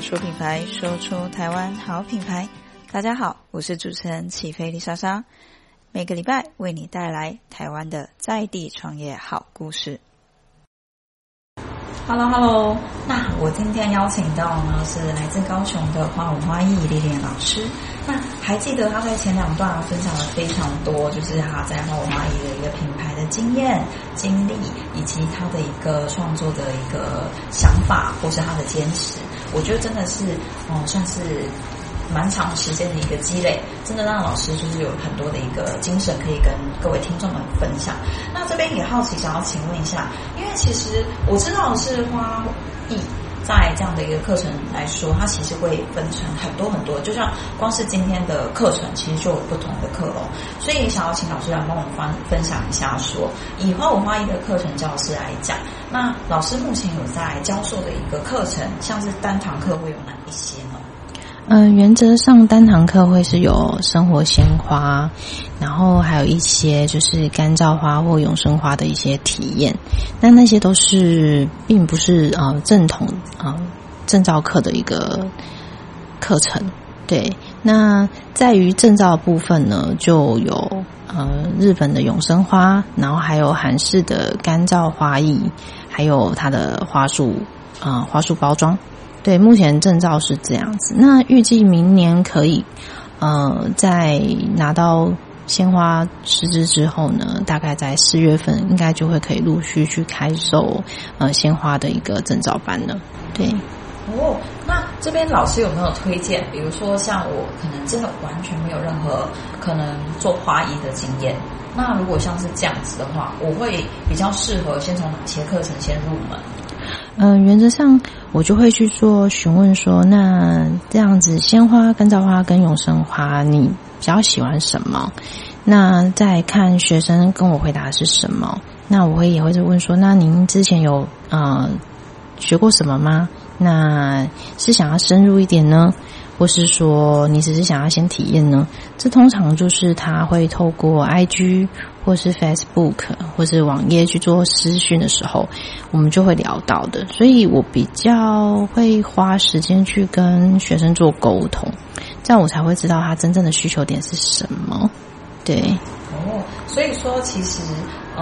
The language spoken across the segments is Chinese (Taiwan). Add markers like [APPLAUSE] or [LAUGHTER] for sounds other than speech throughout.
說品牌，說出台灣好品牌。大家好，我是主持人起飛麗莎莎，每個禮拜為你帶來台灣的在地創業好故事。Hello，Hello，hello. 那我今天邀請到呢是來自高雄的花舞花藝 Lilium 老師。那還記得他在前兩段分享了非常多，就是她在花舞花藝的一個品牌的經驗、經歷，以及他的一個創作的一個想法，或是他的堅持。我覺得真的是，嗯，算是蠻長時間的一個積累，真的讓老師就是有很多的一個精神可以跟各位聽眾們分享。那這邊也好奇，想要請問一下，因為其實我知道的是花藝，嗯，在這樣的一個課程來說，它其實會分成很多很多，就像光是今天的課程，其實就有不同的課哦。所以也想要請老師來幫我分分享一下說，說以花舞花藝的課程教師來講。那老師目前有在教授的一個課程，像是單堂課會有哪一些呢？嗯、呃，原則上單堂課會是有生活鮮花，然後還有一些就是乾燥花或永生花的一些體驗。那那些都是並不是啊、呃、正統啊證、呃、照課的一個課程。對，那在於證照部分呢，就有、呃、日本的永生花，然後還有韓式的乾燥花藝。還有它的花束啊、呃，花束包裝。對，目前證照是這樣子。那預計明年可以，呃，在拿到鮮花師資之後呢，大概在四月份應該就會可以陸續去開售呃鮮花的一個證照班了。對，哦，那這邊老師有沒有推薦？比如說像我，可能真的完全沒有任何可能做花藝的經驗。那如果像是這樣子的話，我會比較適合先從哪些課程先入門？嗯、呃，原則上我就會去做詢問說，說那這樣子，鮮花、跟造花、跟永生花，你比較喜歡什麼？那再看學生跟我回答是什麼？那我會也會問說，那您之前有呃學過什麼嗎？那是想要深入一點呢？或是說你只是想要先體驗呢？這通常就是他會透過 IG 或是 Facebook 或是網頁去做私訊的時候，我們就會聊到的。所以我比較會花時間去跟學生做溝通，這樣我才會知道他真正的需求點是什麼。對，哦，所以說其實。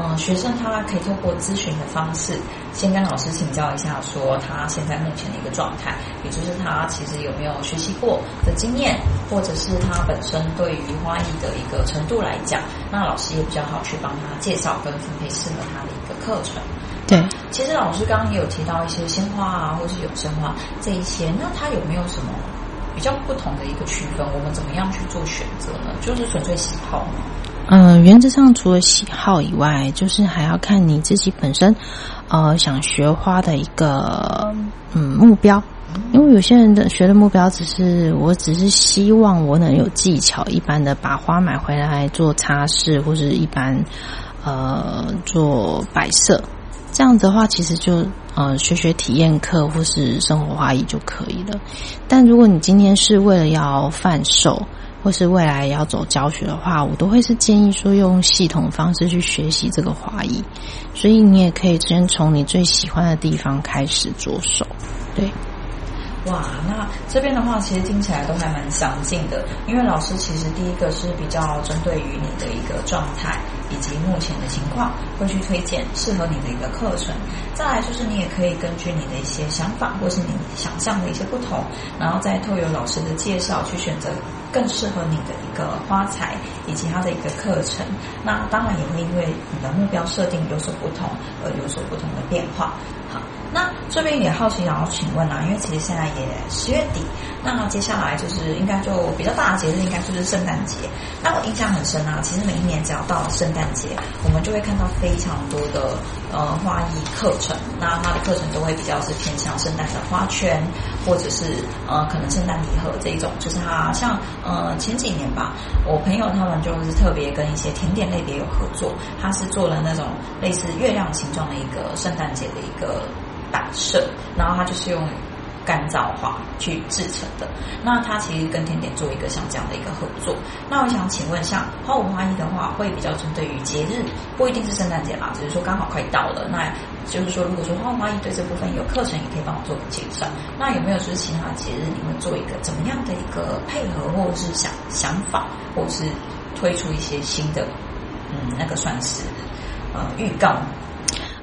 嗯，學生他可以透過諮詢的方式，先跟老師請教一下，說他現在目前的一個狀態，也就是他其實有沒有學習過的經驗，或者是他本身對於花藝的一個程度來講，那老師也比較好去幫他介紹跟分配適合他的一個課程。對，其實老師剛剛也有提到一些鮮花啊，或者是永生花這一些，那他有沒有什麼比較不同的一個區分？我們怎麼樣去做選擇呢？就是純粹喜好嗯，原則上除了喜好以外，就是還要看你自己本身，呃，想學花的一個嗯目標。因為有些人的學的目標只是，我只是希望我能有技巧，一般的把花買回來做擦拭，或是一般呃做擺設。這樣子的話，其實就呃學學體驗課或是生活花藝就可以了。但如果你今天是為了要販售。或是未來要走教學的話，我都會是建議說用系統方式去學習這個花藝。所以你也可以先從你最喜歡的地方開始着手。對，哇，那這邊的話其實聽起來都還蠻詳盡的，因為老師其實第一個是比較針對於你的一個狀態以及目前的情況，會去推薦適合你的一個課程；再來就是你也可以根據你的一些想法或是你想象的一些不同，然後再透由老師的介紹去選擇。更適合你的一個花材以及它的一個課程，那當然也會因為你的目標設定有所不同而有所不同的變化，好。那這邊也好奇，想要請問啊，因為其實現在也十月底，那接下來就是應該就比較大的節日，應該就是聖誕節。那我印象很深啊，其實每一年只要到了聖誕節，我們就會看到非常多的呃花藝課程。那他的課程都會比較是偏向聖誕的花圈，或者是呃可能聖誕禮盒這一種。就是他像呃前幾年吧，我朋友他們就是特別跟一些甜點類別有合作，他是做了那種類似月亮形狀的一個聖誕節的一個。色，然後它就是用乾燥花去製成的。那它其實跟甜點做一個像這樣的一個合作。那我想請問，像花舞花藝的話，會比較針對於節日，不一定是聖誕節嘛，只是說剛好快到了。那就是說，如果說花舞花藝對這部分有課程，也可以幫我做個結算。那有沒有是、啊、其他的節日，你們做一個怎麼樣的一個配合，或者是想想法，或者是推出一些新的？嗯，那個算是呃預告。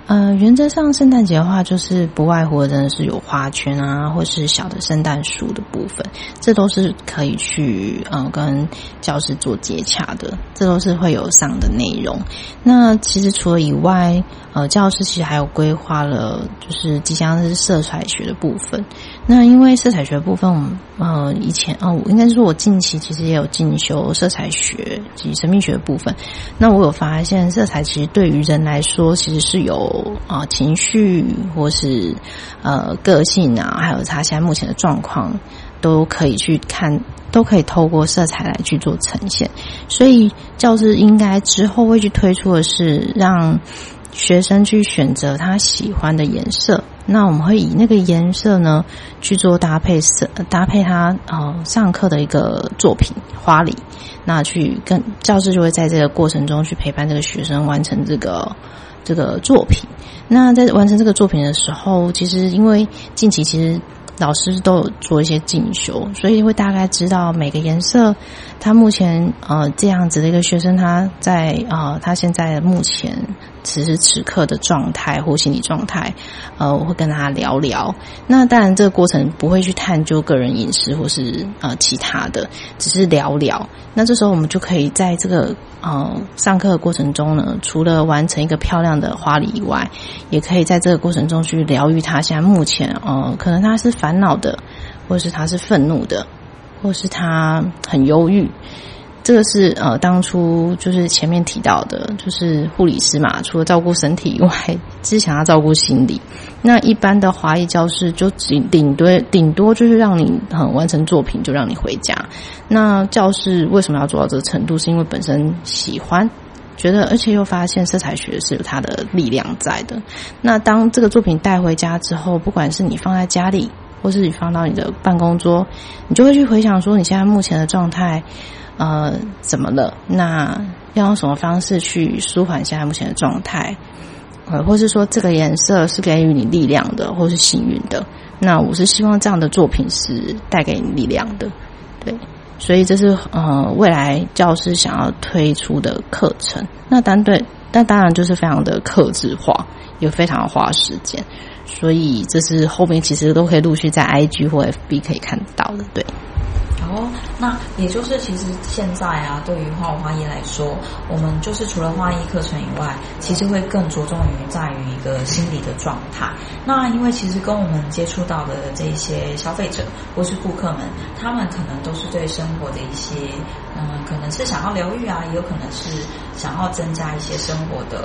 呃，原則上聖誕節的話，就是不外乎的真的是有花圈啊，或是小的聖誕樹的部分，這都是可以去呃跟教師做接洽的，這都是會有上的內容。那其實除了以外，呃，教師其實還有規劃了，就是即將是色彩學的部分。那因為色彩學的部分，嗯、呃，呃以前啊，哦，我應該是我近期其實也有進修色彩學及生命學的部分。那我有發現，色彩其實對於人來說，其實是有啊、呃、情緒，或是呃個性啊，還有他現在目前的狀況，都可以去看，都可以透過色彩來去做呈現。所以教師應該之後會去推出的是，讓學生去選擇他喜歡的顏色。那我們會以那個顏色呢去做搭配色，搭配他啊、呃、上課的一個作品花禮。那去跟教師就會在這個過程中去陪伴這個學生完成這個這個作品。那在完成這個作品的時候，其實因為近期其實老師都有做一些進修，所以會大概知道每個顏色，他目前呃這樣子的一個學生，他在啊、呃、他現在目前。此時此刻的狀態或心理狀態，呃，我會跟他聊聊。那當然，這個過程不會去探究個人隱私或是呃其他的，只是聊聊。那這時候我們就可以在這個呃上課的過程中呢，除了完成一個漂亮的花禮以外，也可以在這個過程中去療癒他。現在目前，呃，可能他是煩惱的，或是他是憤怒的，或是他很憂鬱。這個是呃，當初就是前面提到的，就是護理師嘛，除了照顧身體以外，只想要照顧心理。那一般的花藝教室就頂頂多頂多就是讓你很、嗯、完成作品就讓你回家。那教室為什麼要做到這個程度？是因為本身喜歡，覺得而且又發現色彩學是有它的力量在的。那當這個作品帶回家之後，不管是你放在家裡，或是你放到你的辦公桌，你就會去回想說你現在目前的狀態。呃，怎麼了？那要用什麼方式去舒緩現在目前的狀態？呃，或是說這個顏色是給予你力量的，或是幸運的？那我是希望這樣的作品是帶給你力量的，對。所以這是呃，未來教師想要推出的課程。那單對，那當然就是非常的客製化，也非常的花時間。所以這是後面其實都可以陸續在 IG 或 FB 可以看到的，對。哦，那也就是其實現在啊，對於花舞花藝來說，我們就是除了花藝課程以外，其實會更着重於在於一個心理的狀態。那因為其實跟我們接觸到的這些消費者或是顧客們，他們可能都是對生活的一些，嗯，可能是想要療癒啊，也有可能是。想要增加一些生活的，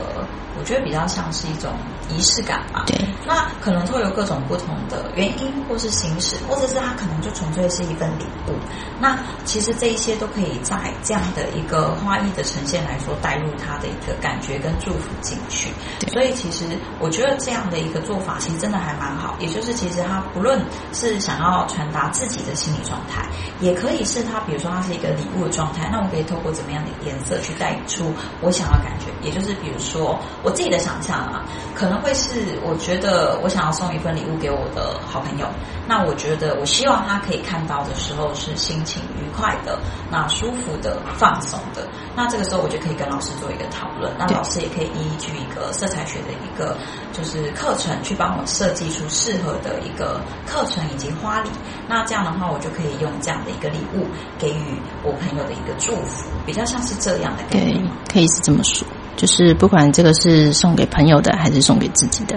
我覺得比較像是一種儀式感吧。對。那可能會有各種不同的原因，或是形式，或者是它可能就純粹是一份禮物。那其實這一些都可以在這樣的一個花藝的呈現來說帶入它的一個感覺跟祝福進去。對。所以其實我覺得這樣的一個做法其實真的還蠻好，也就是其實它不論是想要傳達自己的心理狀態，也可以是它比如說它是一個禮物的狀態，那我可以透過怎麼樣的顏色去帶出。我想要感覺，也就是比如說我自己的想象啊可能會是我覺得我想要送一份禮物給我的好朋友，那我覺得我希望他可以看到的時候是心情愉快的，那舒服的、放鬆的，那這個時候我就可以跟老師做一個討論，那老師也可以依據一個色彩學的一個就是課程去幫我設計出適合的一個課程以及花禮，那這樣的話我就可以用這樣的一個禮物給予我朋友的一個祝福，比較像是這樣的感覺。Okay. 可以是這麼說，就是不管這個是送給朋友的，還是送給自己的，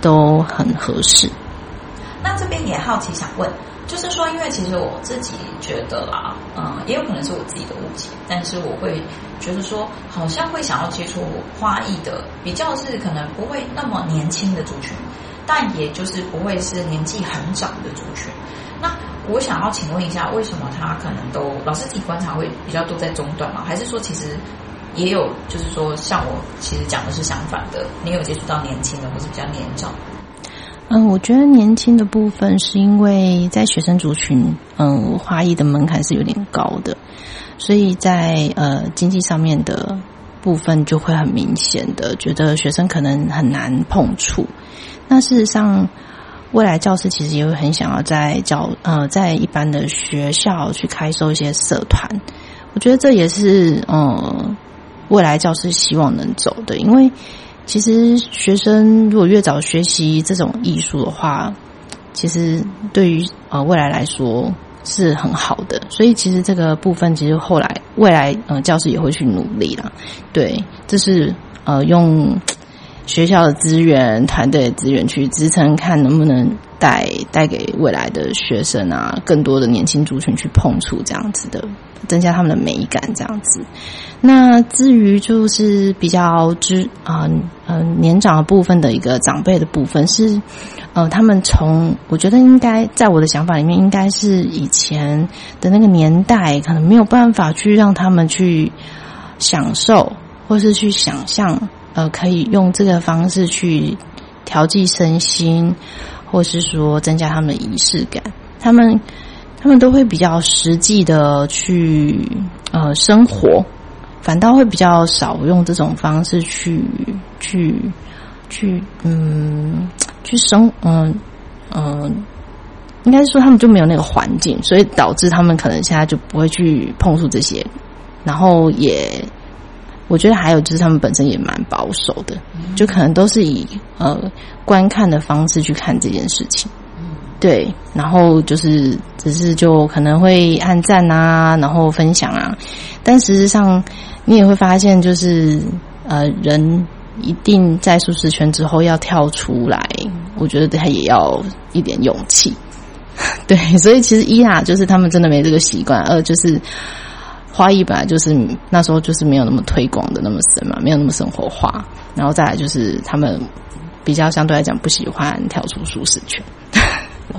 都很合適。那這邊也好奇想問，就是說，因為其實我自己覺得啦，嗯，也有可能是我自己的誤解，但是我會覺得說，好像會想要接觸花藝的，比較是可能不會那麼年輕的族群，但也就是不會是年紀很長的族群。那我想要請問一下，為什麼他可能都老師自己觀察會比較多在中段嗎？啊？還是說其實？也有，就是說，像我其實講的是相反的。你有接觸到年輕的，或是比較年長？嗯，我覺得年輕的部分是因為在學生族群，嗯，花藝的門檻是有點高的，所以在呃經濟上面的部分就會很明顯的覺得學生可能很難碰觸。那事實上，未來教師其實也會很想要在教呃，在一般的學校去開設一些社團。我覺得這也是嗯。未來教師希望能走的，因為其實學生如果越早學習這種藝術的話，其實對於呃未來來說是很好的。所以其實這個部分，其實後來未來呃教師也會去努力啦，對，這是呃用學校的資源、團隊的資源去支撐，看能不能帶帶給未來的學生啊，更多的年輕族群去碰觸這樣子的。增加他們的美感，這樣子。那至於就是比較之啊，呃、呃年長的部分的一個長輩的部分是呃，他們從我覺得應該在我的想法裡面應該是以前的那個年代可能沒有辦法去讓他們去享受或是去想象呃，可以用這個方式去調劑身心，或是說增加他們的儀式感，他們。他們都會比較實際的去呃生活，反倒會比較少用這種方式去去去嗯去生嗯嗯，應該說他們就沒有那個環境，所以導致他們可能現在就不會去碰觸這些。然後也我覺得還有就是他們本身也蠻保守的，就可能都是以呃觀看的方式去看這件事情。對，然後就是只是就可能會按讚啊，然後分享啊，但實際上你也會發現，就是呃，人一定在舒適圈之後要跳出來，我覺得他也要一點勇氣。對，所以其實一啊，就是他們真的沒這個習慣；二、呃、就是花藝本來就是那時候就是沒有那麼推廣的那麼深嘛，沒有那麼生活化。然後再來就是他們比較相對來講不喜歡跳出舒適圈。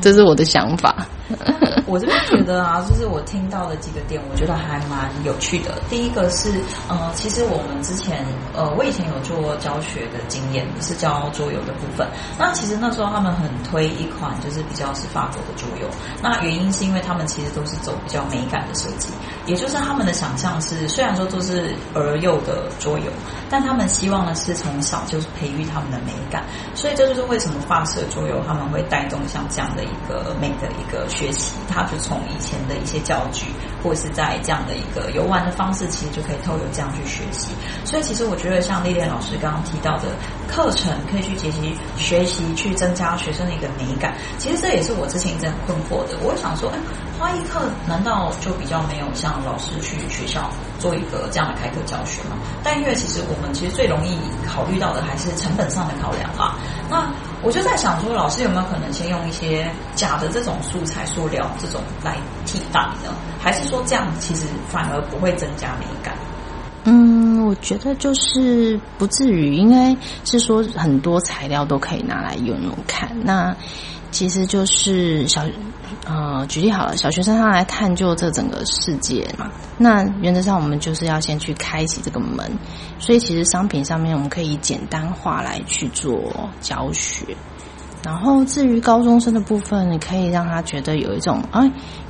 這是我的想法。 [LAUGHS] 我這邊覺得啊，就是我聽到的幾個點，我覺得還蠻有趣的。第一個是，呃，其實我們之前，呃，我以前有做過教學的經驗，是教桌遊的部分。那其實那時候他們很推一款，就是比較是法國的桌遊。那原因是因為他們其實都是走比較美感的設計，也就是他們的想象是，雖然說都是兒幼的桌遊，但他們希望呢是從小就是培育他們的美感。所以這就是為什麼法式桌遊他們會帶動像這樣的一個美的一個，學習，他就從以前的一些教具，或是在這樣的一個遊玩的方式，其實就可以透過這樣去學習。所以，其實我覺得像 Lilium 老師剛剛提到的課程，可以去學習、學習去增加學生的一個美感。其實這也是我之前一直很困惑的。我會想說，哎，花藝課難道就比較沒有像老師去學校做一個這樣的開課教學嗎？但因為其實我們其實最容易考慮到的還是成本上的考量啊。那。我就在想說，老師有沒有可能先用一些假的這種素材塑料這種來替代呢？還是說這樣其實反而不會增加美感？嗯，我覺得就是不至於，應該是說很多材料都可以拿來用用看。那其實就是小。呃，舉例好了，小學生他來探究這整個世界嘛。那原則上，我們就是要先去開啟這個門。所以，其實商品上面我們可以簡單化來去做教學。然後，至於高中生的部分，你可以讓他覺得有一種啊，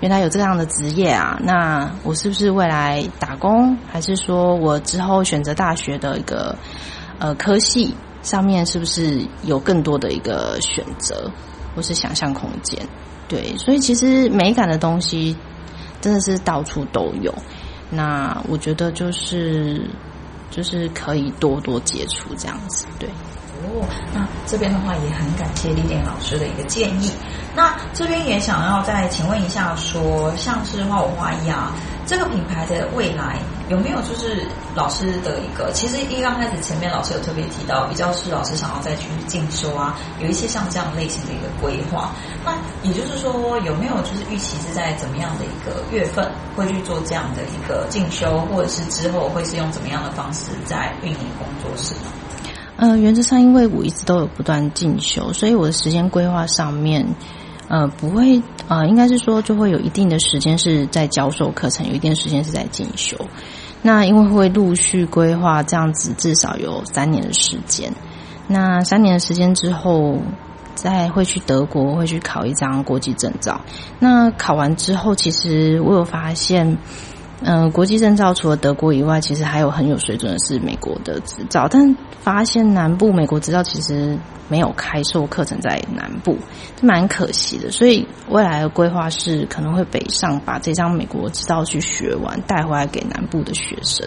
原來有這樣的職業啊。那我是不是未來打工，還是說我之後選擇大學的一個呃科系上面，是不是有更多的一個選擇或是想象空間？對，所以其實美感的東西真的是到處都有。那我覺得就是就是可以多多接觸這樣子。對，哦，那這邊的話也很感謝 Lilium 老師的一個建議。那這邊也想要再請問一下說，說像是花舞花藝啊，這個品牌的未來。有沒有就是老師的一個，其實一剛開始前面老師有特別提到，比較是老師想要再去進修啊，有一些像這樣類型的一個規劃。那也就是說，有沒有就是預期是在怎麼樣的一個月份會去做這樣的一個進修，或者是之後會是用怎麼樣的方式在運營工作室呢？呃，原則上因為我一直都有不斷進修，所以我的時間規劃上面。呃，不會，呃，應該是說就會有一定的時間是在教授課程，有一定的時間是在進修。那因為會陸續規劃這樣子，至少有三年的時間。那三年的時間之後，再會去德國，會去考一張國際證照。那考完之後，其實我有發現。嗯、呃，國際證照除了德國以外，其實還有很有水準的是美國的執照。但發現南部美國執照其實沒有開售課程在南部，蠻可惜的。所以未來的規劃是可能會北上，把這張美國執照去學完，帶回來給南部的學生。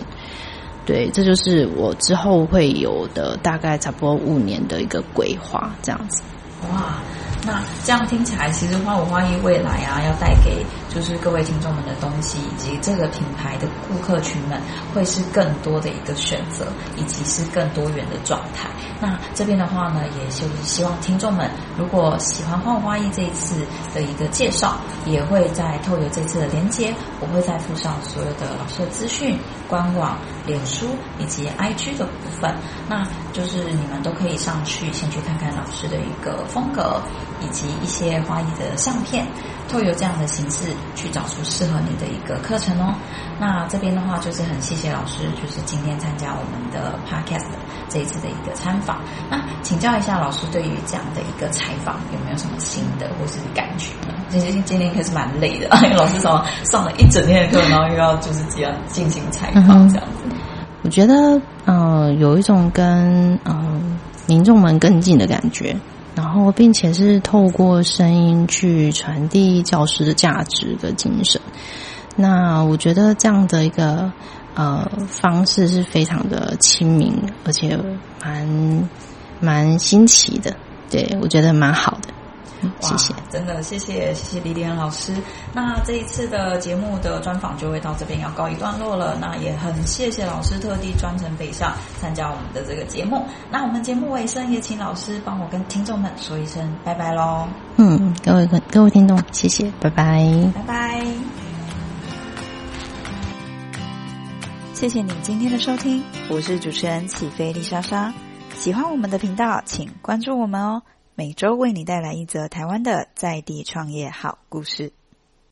對，這就是我之後會有的大概差不多五年的一個規劃，這樣子。哇，那這樣聽起來，其實花舞花藝未來啊，要帶給。就是各位聽眾們的東西，以及這個品牌的顧客群們，會是更多的一個選擇，以及是更多元的狀態。那這邊的話呢，也就是希望聽眾們，如果喜歡花舞花藝這一次的一個介紹，也會在透過這次的連接，我會再附上所有的老師的資訊、官網、臉書以及 IG 的部分。那就是你們都可以上去先去看看老師的一個風格，以及一些花藝的相片。透過這樣的形式去找出適合你的一個課程哦。那這邊的話就是很謝謝老師，就是今天參加我們的 podcast 這一次的一個參訪。那請教一下老師，對於這樣的一個採訪，有沒有什麼新的或是感覺呢？其實今天可是蠻累的，因為老師早上上了一整天的課，然後又要就是這樣進行採訪這樣子。嗯、我覺得，嗯、呃，有一種跟嗯、呃、民眾們更近的感覺。然後，並且是透過聲音去傳遞教師的價值跟精神。那我覺得這樣的一個呃方式是非常的親民，而且蠻蠻新奇的。對，我覺得蠻好的。嗯、謝謝，真的謝謝謝謝 Lilium 老師。那這一次的節目的專訪就會到這邊要告一段落了。那也很謝謝老師特地專程北上參加我們的這個節目。那我們節目尾聲也請老師幫我跟聽眾們說一聲拜拜嘍。嗯，各位各位聽眾，謝謝，拜拜，拜拜。謝謝你今天的收聽，我是主持人起飛麗莎莎。喜歡我們的頻道，請關注我們哦。每週為你帶來一則台灣的在地創業好故事。